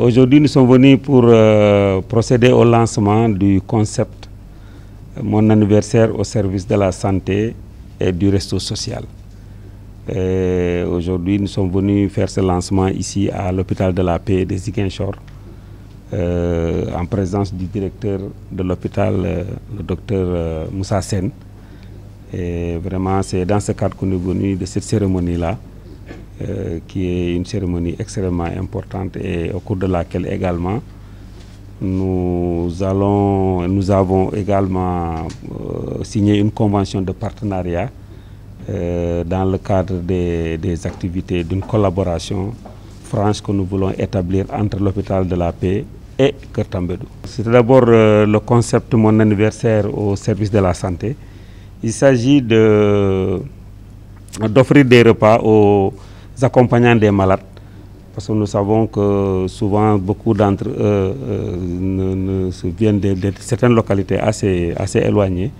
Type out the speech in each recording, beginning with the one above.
Euh, aujourd'hui, nous sommes venus pour euh, procéder au lancement du concept euh, Mon anniversaire au service de la santé et du resto social. Aujourd'hui, nous sommes venus faire ce lancement ici à l'hôpital de la paix de Ziguinchor, en présence du directeur de l'hôpital, le docteur Moussa Sen. Et vraiment, c'est dans ce cadre qu'on est venu de cette cérémonie-là. Euh, qui est une cérémonie extrêmement importante et au cours de laquelle également nous, allons, nous avons également euh, signé une convention de partenariat euh, dans le cadre des, activités d'une collaboration franche que nous voulons établir entre l'hôpital de la paix et Kertambedou. C'est d'abord le concept Mon anniversaire au service de la santé. Il s'agit d'offrir des repas aux accompagnant des malades, parce que nous savons que souvent beaucoup d'entre eux euh, viennent de, certaines localités assez, assez éloignées.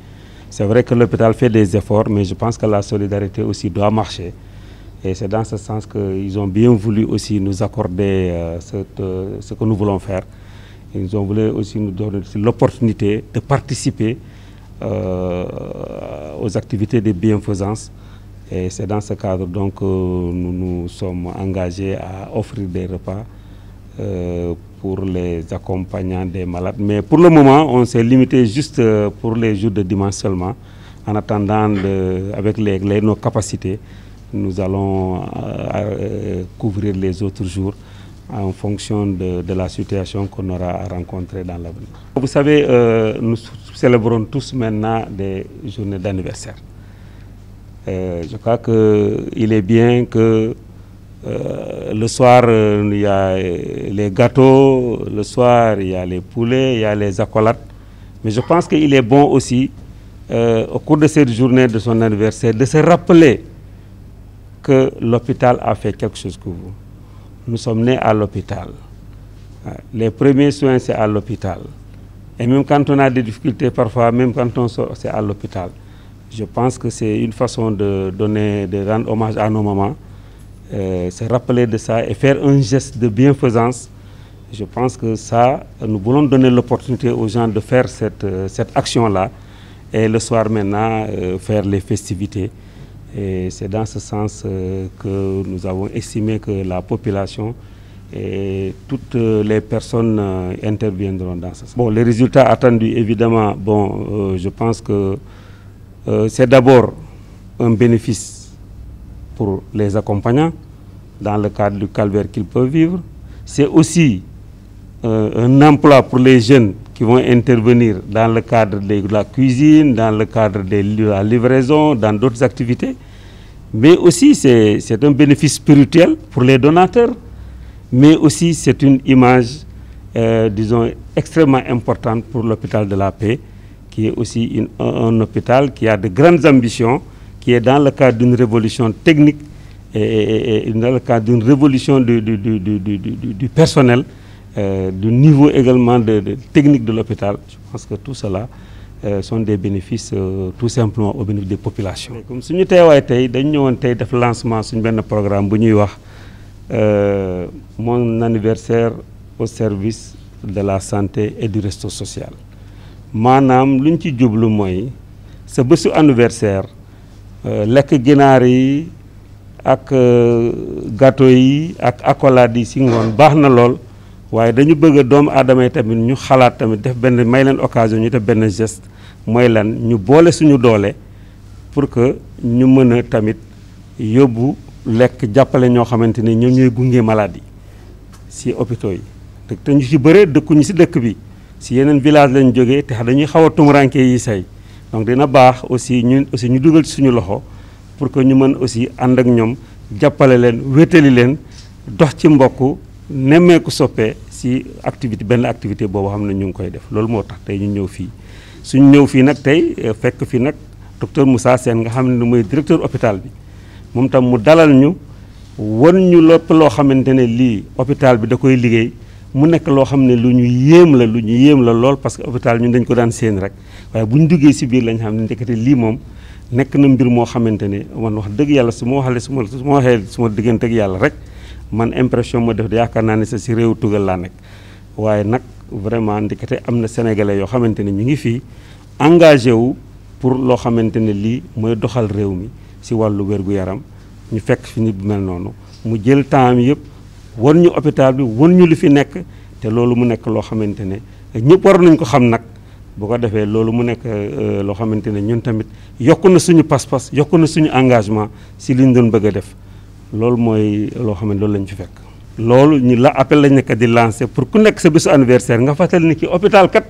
C'est vrai que l'hôpital fait des efforts, mais je pense que la solidarité aussi doit marcher. Et c'est dans ce sens qu'ils ont bien voulu aussi nous accorder euh, euh, ce que nous voulons faire. Ils ont voulu aussi nous donner l'opportunité de participer aux activités de bienfaisance et c'est dans ce cadre donc que euh, nous nous sommes engagés à offrir des repas euh, pour les accompagnants des malades. Mais pour le moment, on s'est limité juste euh, pour les jours de dimanche seulement. En attendant, avec les, nos capacités, nous allons couvrir les autres jours en fonction de, la situation qu'on aura à rencontrer dans l'avenir. Vous savez, nous célébrons tous maintenant des journées d'anniversaire je crois qu'il est bien que euh, le soir, il y a les gâteaux, le soir, il y a les poulets, il y a les accolades. Mais je pense qu'il est bon aussi, euh, au cours de cette journée de son anniversaire, de se rappeler que l'hôpital a fait quelque chose pour vous. Nous sommes nés à l'hôpital. Les premiers soins, c'est à l'hôpital. Et même quand on a des difficultés, parfois, même quand on sort, c'est à l'hôpital. Je pense que c'est une façon de donner, de rendre hommage à nos mamans, euh, se rappeler de ça et faire un geste de bienfaisance. Je pense que ça, nous voulons donner l'opportunité aux gens de faire cette, euh, cette action-là et le soir maintenant, euh, faire les festivités. Et c'est dans ce sens que nous avons estimé que la population et toutes les personnes interviendront dans ce sens. Bon, les résultats attendus, évidemment, bon, je pense que euh, c'est d'abord un bénéfice pour les accompagnants dans le cadre du calvaire qu'ils peuvent vivre. C'est aussi euh, un emploi pour les jeunes qui vont intervenir dans le cadre de la cuisine, dans le cadre de la livraison, dans d'autres activités. Mais aussi, c'est un bénéfice spirituel pour les donateurs. Mais aussi, c'est une image, euh, disons, extrêmement importante pour l'hôpital de la paix qui est aussi un, hôpital qui a de grandes ambitions, qui est dans le cadre d'une révolution technique et, dans le cadre d'une révolution du, personnel, euh, du niveau également de, technique de l'hôpital. Je pense que tout cela euh, sont des bénéfices euh, tout simplement au bénéfice des populations. comme le lancement programme mon anniversaire au service de la santé et du resto social. maanaam luñ ci jublu mooy sa bésu anniversaire euh, lekk ginaar yi ak euh, gâteau yi ak accolade yi si ngoon baax na lool waaye dañu bëgg doomu aadama yi tamit ñu xalaat tamit def benn may leen occasion ñu def benn geste mooy lan ñu boole suñu doole pour que ñu mën a tamit yóbbu lekk jàppale ñoo xamante ni ñoom ñooy gunge malade yi si hôpitaux yi te ñu ci bëree dëkkuñu si dëkk bi. si yeneen village lañ jógee te dañuy xaw a tumuranke yi say donc dina baax aussi ñun aussi ñu dugal ci suñu loxo pour que ñu mën aussi ànd ak ñoom jàppale leen wétali leen dox ci mbokk nemmeeku soppee si activité benn activité boobu xam ne ñu ngi koy def loolu moo tax tey ñu ñëw fii suñu ñëw fii nag tey eh, fekk fii nag docteur Moussa Sène nga xam ne mooy directeur hôpital bi moom tam mu dalal ñu wan ñu lépp loo xamante ne lii hôpital bi da koy liggéey mu nekk loo xam ne lu ñu yéem la lu ñu yéem la lool parce que hôpital ñun dañ ko daan séen rek waaye bu ñu duggee si biir lañ xam ne ndekete lii moom nekk na mbir moo xamante ne man wax dëgg yàlla su ma waxale su ma su ma waxee su ma diggante yàlla rek man impression ma def de yaakaar naa ne sa si réew tugal laa nekk waaye nag vraiment ndekete am na sénégalais yoo xamante ne ñu ngi fii engagé wu pour loo xamante ne lii mooy doxal réew mi si wàllu wér-gu-yaram ñu fekk fi nit bu mel noonu mu jël temps yëpp wan ñu hôpital bi wan ñu li fi nekk te loolu mu nekk loo xamante ne ñëpp war nañ ko xam nag boo ko defee loolu mu nekk euh, loo xamante ne ñun tamit yokk na suñu pas-pas yokk na suñu engagement si li ñu doon bëgg a def loolu mooy loo xam ne loolu lañ fi fekk. loolu ñu la appel lañ nekk di lancer pour ku nekk sa bésu anniversaire nga fàttali ni ki hôpital kat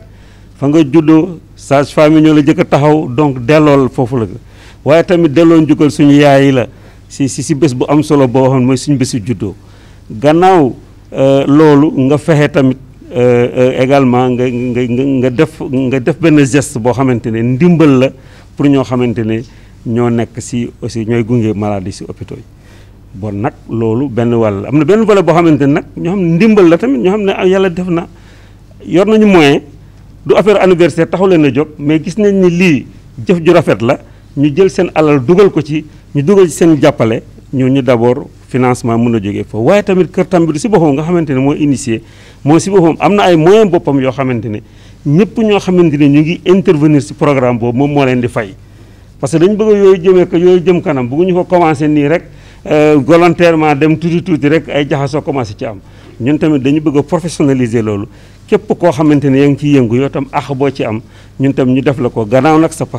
fa nga juddoo sage femme yi ñoo la jëkk a taxaw donc dellool foofu la waaye tamit delloo njukkal suñu yaay yi la si si si bés bu am solo boo xam mooy suñu bésu juddoo. gannaaw euh, loolu nga fexe tamit euh, euh, également nga nga nga def nga def benn geste boo xamante ne ndimbal la pour ñoo xamante ne ñoo nekk si aussi ñooy gunge maladie si hôpitaux bon nag loolu benn wàll am na benn volet boo xamante ne nag ñoo xam ne ndimbal la tamit ñoo xam ne yàlla def na yor nañu moyen du affaire anniversaire taxu leen a jóg mais gis nañ ni lii jëf ju rafet la ñu jël seen alal dugal ko ci ñu dugal ci seen jàppale ñu ñooñu d'abord financement mun na jógee foofu waaye tamit Kër Tambadou si boppam nga xamante ne moo initié moo si boppam am na ay moyen boppam yoo xamante ne ñëpp ñoo xamante ne ñu ngi intervenir si programme boobu moom moo leen di fay parce que dañu bëgg yooyu jëmee ko yooyu jëm kanam bëgguñu ko commencé nii rek Euh, volontairement dem tuuti tuuti rek ay jaxasoo commencé ci am ñun tamit dañu bëgg a loolu képp koo xamante ne yaa ngi ciy yëngu yow tam boo ci am ñun tam ñu def la ko gannaaw nag sa pas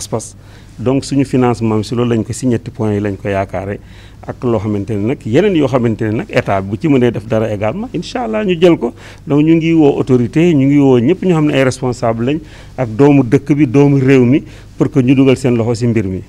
donc suñu financement si loolu lañ ko si ñetti points yi lañ ko yaakaare ak loo xamante ne nag yeneen yoo xamante ne nag état bu ci mënee def dara également incha allah ñu jël ko donc ñu ngi woo autorité ñu ngi woo ñëpp ñoo xam ne ay responsable lañ ak doomu dëkk bi doomu réew mi pour que ñu dugal seen loxo si mbir mi